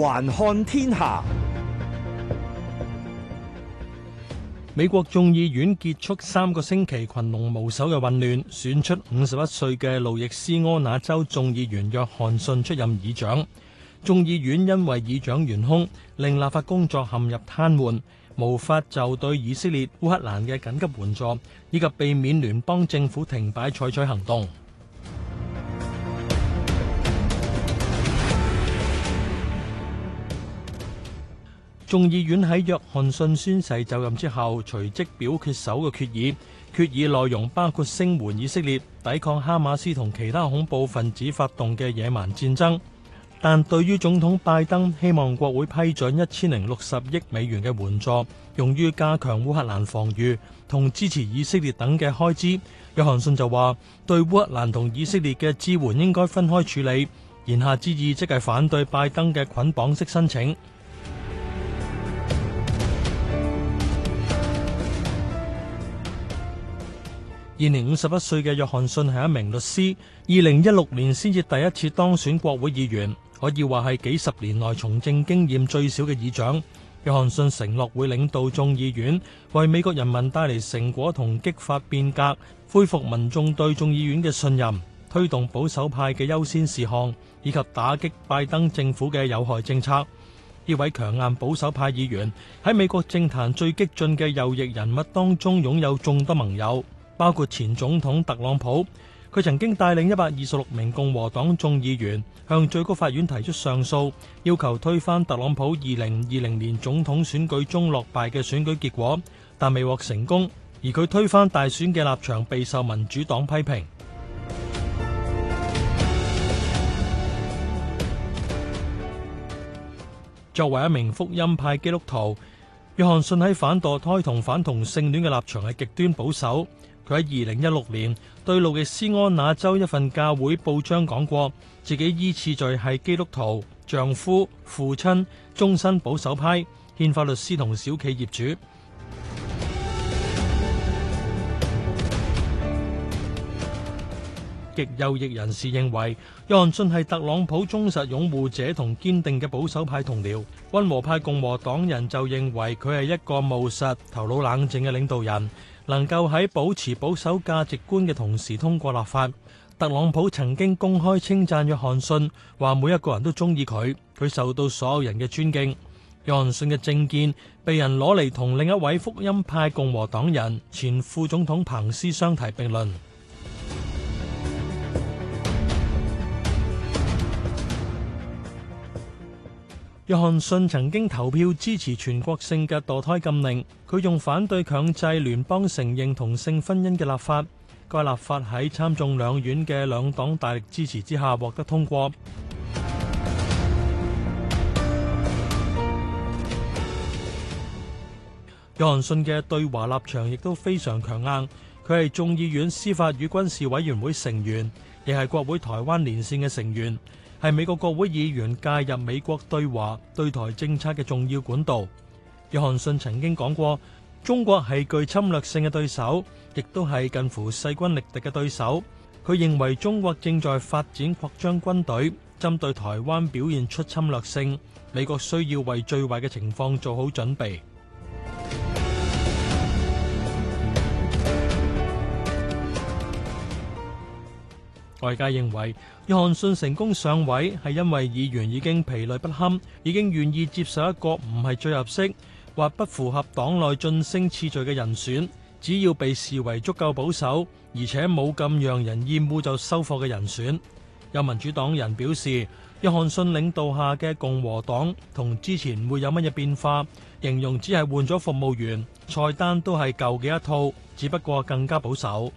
環看天下，美國眾議院結束三個星期群龍無首嘅混亂，選出五十一歲嘅路易斯安那州眾議員約翰遜出任議長。眾議院因為議長懸空，令立法工作陷入癱瘓，無法就對以色列、烏克蘭嘅緊急援助，以及避免聯邦政府停擺採取行動。眾議院喺約翰遜宣誓就任之後，隨即表決首個決議。決議內容包括聲援以色列、抵抗哈馬斯同其他恐怖分子發動嘅野蠻戰爭。但對於總統拜登希望國會批准一千零六十億美元嘅援助，用於加強烏克蘭防禦同支持以色列等嘅開支，約翰遜就話對烏克蘭同以色列嘅支援應該分開處理。言下之意即係反對拜登嘅捆綁式申請。現年五十一歲嘅約翰遜係一名律師，二零一六年先至第一次當選國會議員，可以話係幾十年來從政經驗最少嘅議長。約翰遜承諾會領導眾議院，為美國人民帶嚟成果同激發變革，恢復民眾對眾議院嘅信任，推動保守派嘅優先事項，以及打擊拜登政府嘅有害政策。呢位強硬保守派議員喺美國政壇最激進嘅右翼人物當中擁有眾多盟友。包括前總統特朗普，佢曾經帶領一百二十六名共和黨眾議員向最高法院提出上訴，要求推翻特朗普二零二零年總統選舉中落敗嘅選舉結果，但未獲成功。而佢推翻大選嘅立場備受民主黨批評。作為一名福音派基督徒，約翰遜喺反墮胎同反同性戀嘅立場係極端保守。佢喺二零一六年對路易斯安那州一份教會報章講過，自己依次序係基督徒、丈夫、父親、終身保守派、憲法律師同小企業主。 極右翼人士認為約翰遜係特朗普忠實擁護者同堅定嘅保守派同僚，溫和派共和黨人就認為佢係一個務實、頭腦冷靜嘅領導人。能夠喺保持保守價值觀嘅同時通過立法，特朗普曾經公開稱讚約翰遜，話每一個人都中意佢，佢受到所有人嘅尊敬。約翰遜嘅政見被人攞嚟同另一位福音派共和黨人前副總統彭斯相提並論。約翰遜曾經投票支持全國性嘅墮胎禁令，佢用反對強制聯邦承認同性婚姻嘅立法。該立法喺參眾兩院嘅兩黨大力支持之下獲得通過。約翰遜嘅對華立場亦都非常強硬，佢係眾議院司法與軍事委員會成員，亦係國會台灣連線嘅成員。係美國國會議員介入美國對華對台政策嘅重要管道。約翰遜曾經講過，中國係具侵略性嘅對手，亦都係近乎勢均力敵嘅對手。佢認為中國正在發展擴張軍隊，針對台灣表現出侵略性。美國需要為最壞嘅情況做好準備。外界認為，約翰遜成功上位係因為議員已經疲累不堪，已經願意接受一個唔係最合適或不符合黨內晉升次序嘅人選，只要被視為足夠保守，而且冇咁讓人厭惡就收貨嘅人選。有民主黨人表示，約翰遜領導下嘅共和黨同之前會有乜嘢變化？形容只係換咗服務員，菜單都係舊嘅一套，只不過更加保守。